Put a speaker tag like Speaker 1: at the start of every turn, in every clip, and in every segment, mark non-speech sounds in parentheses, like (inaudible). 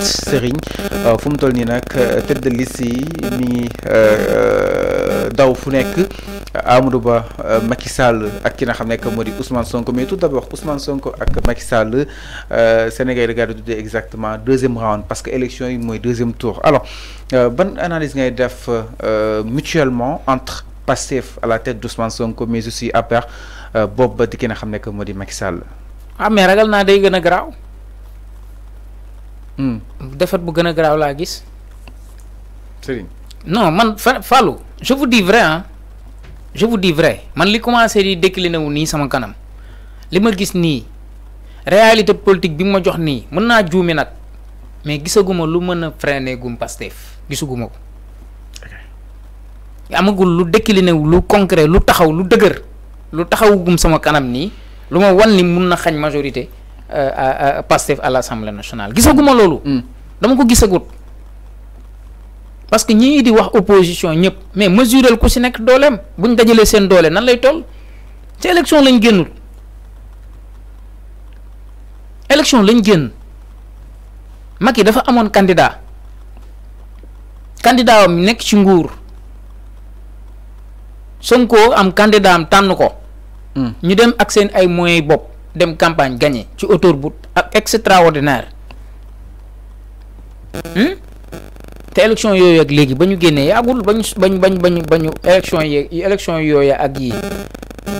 Speaker 1: sëriñ euh, fu mu toll nii nag euh, tête de liste ni euh, ngi euh, daw fu nek Amadou Ba Macky Sall ak ki nga xam ne modi Ousmane Sonko mais tout d'abord Ousmane Sonko ak Macky Sall Sénégal yi regarde tuddee exactement deuxième round parce que élection yi mooy deuxième tour alors ban analyse ngay def mutuellement entre Pastef à la tête d'Ousmane Sonko mais aussi APR boobu ba di ki nga xam Macky Sall.
Speaker 2: ah mais ragal na day gëna graw Hmm. defet bu gëna graw la gis.
Speaker 1: Serigne. non man
Speaker 2: je vous dis vrai hein. je vous dis vrai man li commencé di décliné wu sama kanam li gis La réalité politique bima jox pas mën juumi nak mais gisaguma lu mëna freiner gum Pastef gisaguma ko. amagul lu décliné lu ni majorité. Euh, euh, Pastef à l'Assemblée nationale gisaguma loolu mm. dama ko gisagut parce que ñii di wax opposition ñëpp mais mesurel ku si nekk dooleem buñ dajalee seen doole nan lay toll ci élection lañ génnul élection lañ génn mag yi dafa amoon candidat candidat am nekk ci nguur Sonko am candidat am tànn ko mm. ñu dem ak seen ay moyens bopp dem campagne gagné ci autoroute ak extraordinaire hmm? te élection yooyu ak léegi ba ñu génnee yàggul ba ñu ba ñu ba ñu ba ñu élection yi élection yooyu ak yii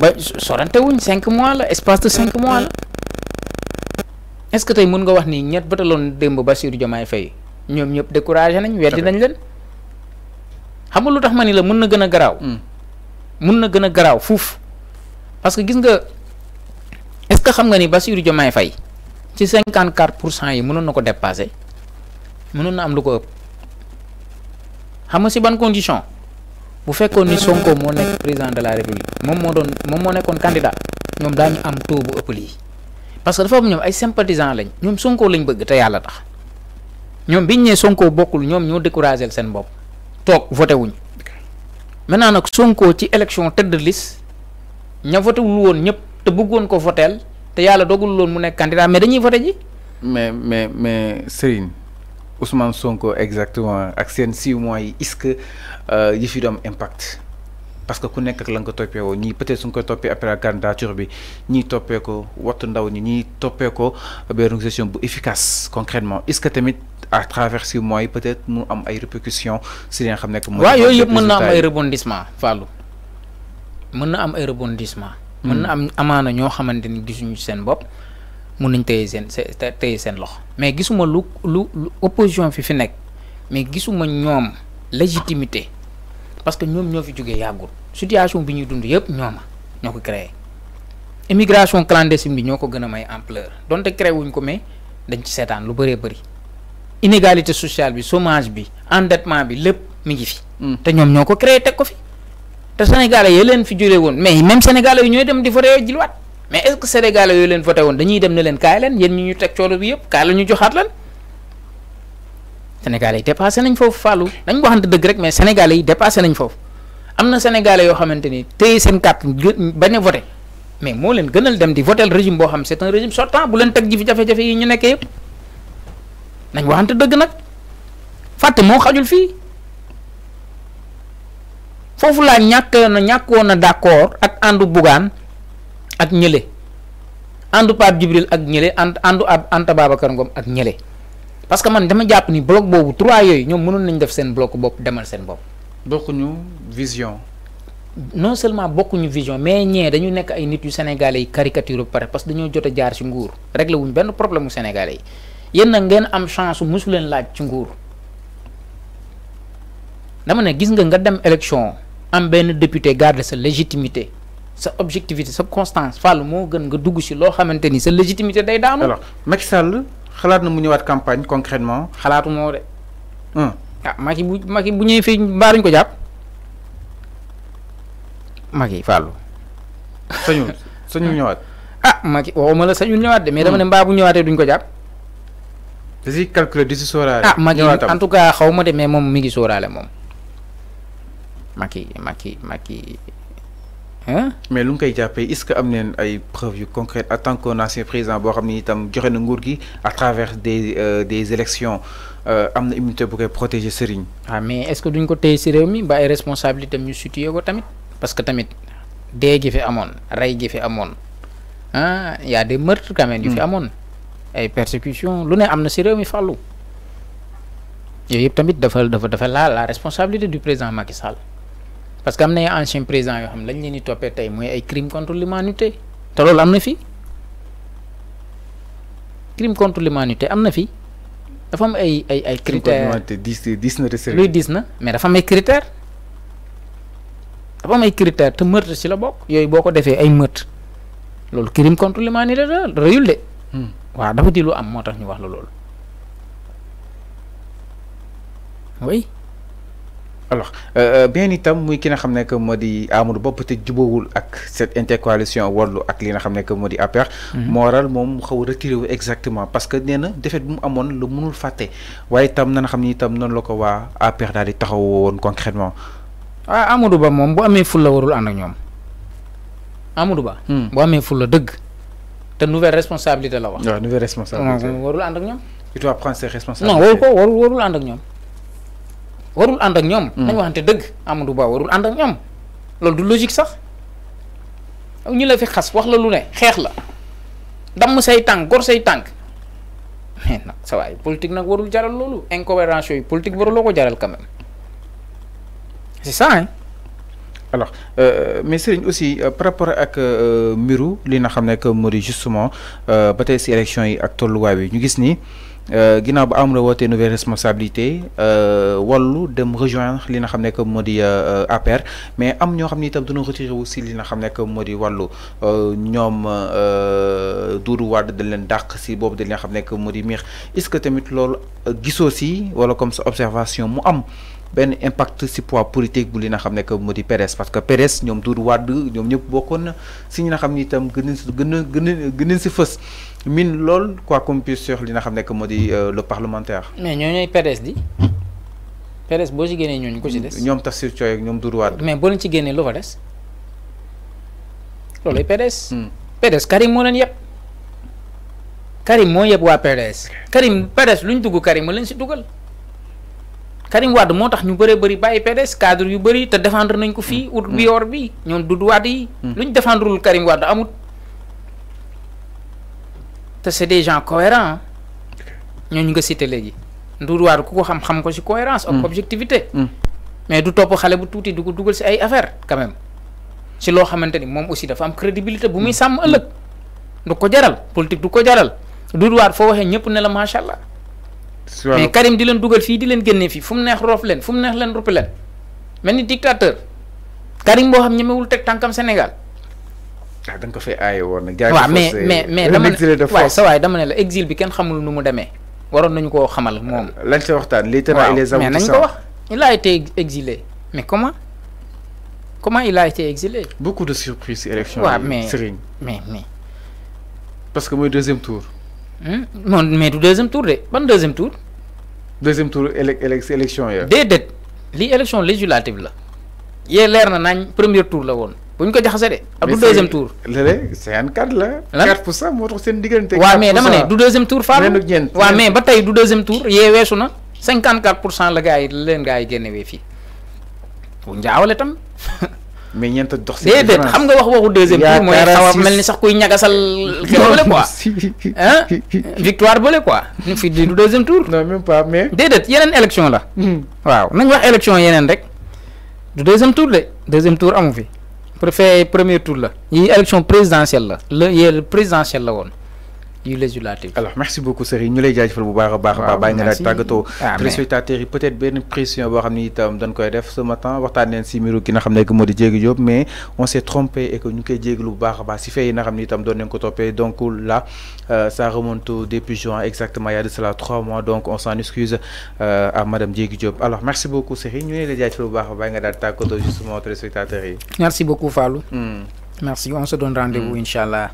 Speaker 2: ba sorante wuñ cinq mois la espace de cinq mois la est-ce que tey mën nga wax ni ñett bataloon démb Bassirou Diomaye Faye ñoom ñëpp découragé nañ weddi nañ leen xam nga lu tax ma ni la mën na gën a garaaw mën hmm. na gën a garaaw fuuf parce que gis nga que xam nga ni Bassirou Diomaye Faye ci cinquante quatre pour cent yi mënoon na ko dépasser mënoon na am lu ko ëpp xam nga si ban condition bu fekkoon ni Sonko moo nekk président de la république moom moo doon moom moo nekkoon candidat ñoom daañu am taux bu ëpp lii parce que dafa am ñoom ay sympathisants lañ ñoom Sonko lañ bëgg te yàlla tax ñoom biñ ne Sonko bokkul ñoom ñoo découragé seen bopp toog voté wuñ maintenant nag Sonko ci élection tête de liste ña voté woon ñëpp te bëggoon ko voteel dogul mu candidat mais
Speaker 1: mais mais mais Serigne Ousmane Sonko exactement ak mois est-ce que euh, impact. parce que ku nek ak la nga topé peut-être son après la candidature bi ko ndaw ni bu efficace concrètement est-ce que tamit à travers six mois peut-être nous am répercussions si xam rebondissement rebondissement. mën hmm. na am amaana ñoo xamante
Speaker 2: ni gisuñu seen bopp mun nañ téye seen téye seen loxo mais gisuma lu lu opposition fi fi nekk mais gisuma ñoom légitimité parce que ñoom ñoo fi jógee yàggul situation bi ñuy dund yëpp ñooma ñoo ko créé immigration clandestine bi ñoo ko gën a may ampleur donte créé wuñ ko mais dañ ci seetaan lu bëree bëri inégalité sociale bi chômage bi endettement bi lépp mi ngi fi. Hmm. te ñoom ñoo ko créé teg ko fi. te sénégalais yooyu leen fi juree woon mais même sénégalais yi ñooy dem di voté ji jiluwaat mais est ce que sénégalais yooyu leen voté woon dañuy dem ne leen kaay leen yéen ñi ñu teg coono bi yëpp kaay la ñu joxaat leen sénégalais yi dépassé nañ foofu fàllu dañ waxante dëgg rek mais sénégalais yi dépassé nañ foofu am na sénégale yoo xamante ni te seen carte bañ a voté mais moo leen gënal dem di votel régime boo xam c'est un régime sortant bu leen teg ji fi jafe ñu nekkee yëpp nañ waxante dëgg nag fàtte moo xajul fii foofu laa ñàkk na ñàkkoon na d'accord ak àndu Bougane ak ñële àndu Pape Djibril ak ñële ànd àndu ab Anta Babacar Ngom ak ñële parce que man dama jàpp ni bloc boobu trois yooyu ñoom mënoon nañ def seen bloc bopp demal seen bopp. bokkuñu vision. non seulement bokkuñu vision mais ñee dañu nekk ay nit yu sénégalais yi caricature ba pare parce que dañoo jot a jaar ci nguur réglé wuñ benn problème mu sénégalais yi yéen nag ngeen am chance mosu leen laaj ci nguur dama ne gis nga nga dem élection. un député garde sa légitimité sa objectivité sa constance fall mo gën nga dugg si lo sa légitimité day daanu. alors Macky Sall xalaat na mu ñëwaat campagne concrètement xalaatu mo de. Hum. ah Macky bu Macky bu ko japp
Speaker 1: Macky fall ah. ñëwaat.
Speaker 2: ah Macky waxuma la ñëwaat de mais dama ne hum. mbaa bu duñ ko japp
Speaker 1: Je calculer si ah Macky en tout
Speaker 2: cas xaw de mais mom mi ngi
Speaker 1: Macky Macky Macky hein mais lu ñu koy est-ce que am ay preuves concrètes en tant qu'on ancien président boo xam tam joxé na nguur gi à travers des euh, des élections euh, am na immunité pour koy protéger Serigne. ah
Speaker 2: mais est-ce que duñ ko téy ci réew mi ba
Speaker 1: ay responsabilités
Speaker 2: ñu situé ko tamit parce que tamit dé gi fi amone ray gi fi hein il y a des meurtres quand même yu fi hmm. amone ay persécutions lu né am ci si réew mi fàllu yooyu tamit dafa dafa dafa la la responsabilité du président Macky Sall. parce que am na ay anciens présidents yoo xam ne lañ leen di toppee tey mooy ay crime contre l'humanité te loolu am na fi crime contre l'humanité am na fi dafa am ay ay ay critères
Speaker 1: diis na luy diis na mais dafa am ay
Speaker 2: critères dafa am ay critères te meurtre ci la bokk yooyu boo ko defee ay meurtre loolu crime contre l'humanité la rëyul de hmm. waaw dafa di lu am moo tax ñu wax la loolu
Speaker 1: alors euh, bien itam muy ki nga xam que modi Amadou Ba peut-être ak cette intercoalition warlu ak li nga xam que modi APR. Mhm. moral mom xaw a retiré exactement parce que néna défaite bu mu amoon la mënul faté waye itam na nga xamni ni itam noonu la ko waa APR daal di taxaw woon concrètement ah, Amadou Ba mom bu amee fulla warul and ak ñom Amadou Ba. Hmm. bu amee fulla deug
Speaker 2: te nouvelle responsabilité la wax. nouvelle responsabilité warul and ak ñom il doit prendre ses responsabilités non warul ko warul warul ànd ak ñom warul ànd ak ñoom. Hmm. nañu waxante dëgg Amadou Ba warul ànd ak ñoom loolu du logique sax ñu la fi xas wax la lu ne xeex la damm say tànk gor say tànk mais nag sa waay politique nag warul jaral loolu incohérence yooyu politique waruloo ko jaral quand même
Speaker 1: c'est ça alors euh, mais Serigne aussi euh, par rapport ak euh, Mirou, li na xam que moo justement ba tey si élection yi ak tolluwaay bi ñu gis ni ginnaaw une am nouvelle responsabilité wallu me rejoindre li nga xamné que modi APR mais am ño xam ne itam retirer retiré wu si li nga xamné ne que moo di ñom euh duru Wade dañ leen dakk si bobu dañ leen xam que modi di est-ce que tamit lool gisoo si wala comme sa observation mu am. benn impact si poids politique bu li nga xam ne que moo parce que PDS ñoom Doudou Wade ñoom ñëpp bokkoon na si ñi nga xam ni itam gën nañ si gën a gën a gën lool quoi li nga xam ne que moo di euh, le parlementaire.
Speaker 2: mais ñoo ñooy PDS di. PDS boo ci génnee ñooñu ko ci des.
Speaker 1: ñoom Tassirou Thioye ak ñoom Doudou Wade.
Speaker 2: mais boo leen ci génnee lu fa des loolu hmm. Karim moo leen yëpp. Karim moo yëpp waa PDS. Karim PDS lu ñu dugg Karim moo leen si dugal. Karim wad motax ñu bëré bëri baye PDS cadre yu bëri te défendre nañ ko fi out bi yor bi wad yi luñ lu Karim wad amut te c'est des gens cohérents ñu nga cité légui Doudou Wade ku ko xam-xam ko ci cohérence ak hmm. objectivité hmm. mais du top xalé bu tuuti du ko dugal ay affaire quand même ci lo xamanteni mom aussi dafa am crédibilité bu muy hmm. sam ëllëg du ko jaral politique du ko jaral Doudou Wade fo waxe ñepp ne la machallah mais Karim di leen dugal fii di leen génne fii fu mu neex roof leen fu mu neex len ruppi leen mel dictateur Karim bo xam ñemewul tek tankam Sénégal.
Speaker 1: ah da nga ko fee aaye woon nak jaay waaw mais mais mais dama ne waaw sa
Speaker 2: waay dama ne la exil bi ken xamul nu mu démé waron nañ ko xamal mom
Speaker 1: euh, lañ ci waxtaan les tenants et les aboutissants mais nañ ko wax
Speaker 2: il a été exilé mais comment. comment il a été exilé
Speaker 1: Beaucoup de surprises élections. Ouais, mais, mais, mais, Parce que moi, deuxième tour.
Speaker 2: Hmm? non mais du deuxième tour de ban deuxième tour. deuxième tour élec élection ya déedéet lii élection législative la. yee leer na nañ premier tour la woon bu ñu ko jaxasee de. ak du deuxième tour
Speaker 1: léeg-léeg 54 la. lan 4 pour cent moo tax seen diggante. pour cent waaw mais dama ne tour. Fallou waaw ba
Speaker 2: tey du deuxième tour yee weesu na 54 pour cent la leen gars yi wee fii bu njaawale tam. (laughs)
Speaker 1: mais y dox tour
Speaker 2: a hein? victoire deuxième tour non même pas mais élection la hmm. waaw nañ une élection deuxième tour deuxième tour on préfet premier tour la élection présidentielle
Speaker 1: présidentielle du législatif. alors merci beaucoup Serigne ñu lay jaajëfal bu baax a baax. waaw bàyyi nga daal tàggatoo. téléspectateurs yi peut-être benn précision boo xam ni itam dañ koy def ce matin waxtaan neen si mbiru ki nga xam ne moo di Diéguy Diop mais on s'est trompé et que ñu koy jéeglu bu baax a baax si fee yi nga xam ni itam doon nañ ko toppee donc là euh, ça remonte depuis juin exactement il y a de cela trois mois donc on s'en excuse euh, à madame Diéguy Diop alors merci beaucoup Serigne ñu lay jaajëfal bu baax a baax nga daal tàggatoo justement téléspectateurs yi.
Speaker 2: merci beaucoup Fallou. Hmm. merci on se donne rendez-vous hmm.
Speaker 1: inshallah.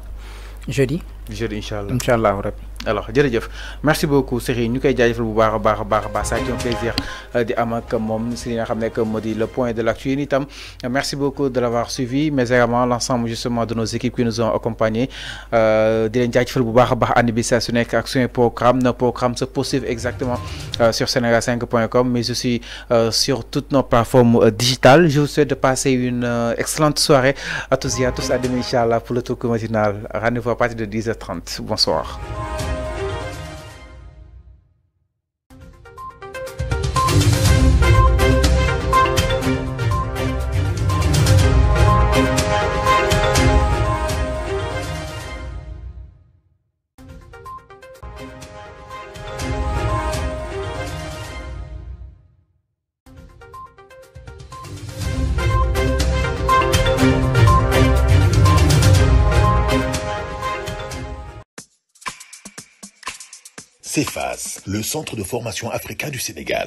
Speaker 1: jeudi. jeudi incha allah incha allah rabbi alors jërëjëf merci beaucoup Serigne ñu koy jaajëfal bu baax a baax a baax a baax ça a été un plaisir euh, di am ak moom si nga xam que moo le point de l'actu yéen itam merci beaucoup de l'avoir suivi mais également l'ensemble justement de nos équipes qui nous ont accompagnés euh, di leen jaajëfal bu baax a baax bi saa su nekk ak suñu programme nos programmes se poursuivent exactement euh, sur sénégal 5 point com mais aussi sur toutes nos plateformes digitales je vous souhaite de passer une excellente soirée à tous et à tous à demain inchallah pour le tour matinal rendez-vous à partir de 10h30 bonsoir le centre de formation africain du Sénégal.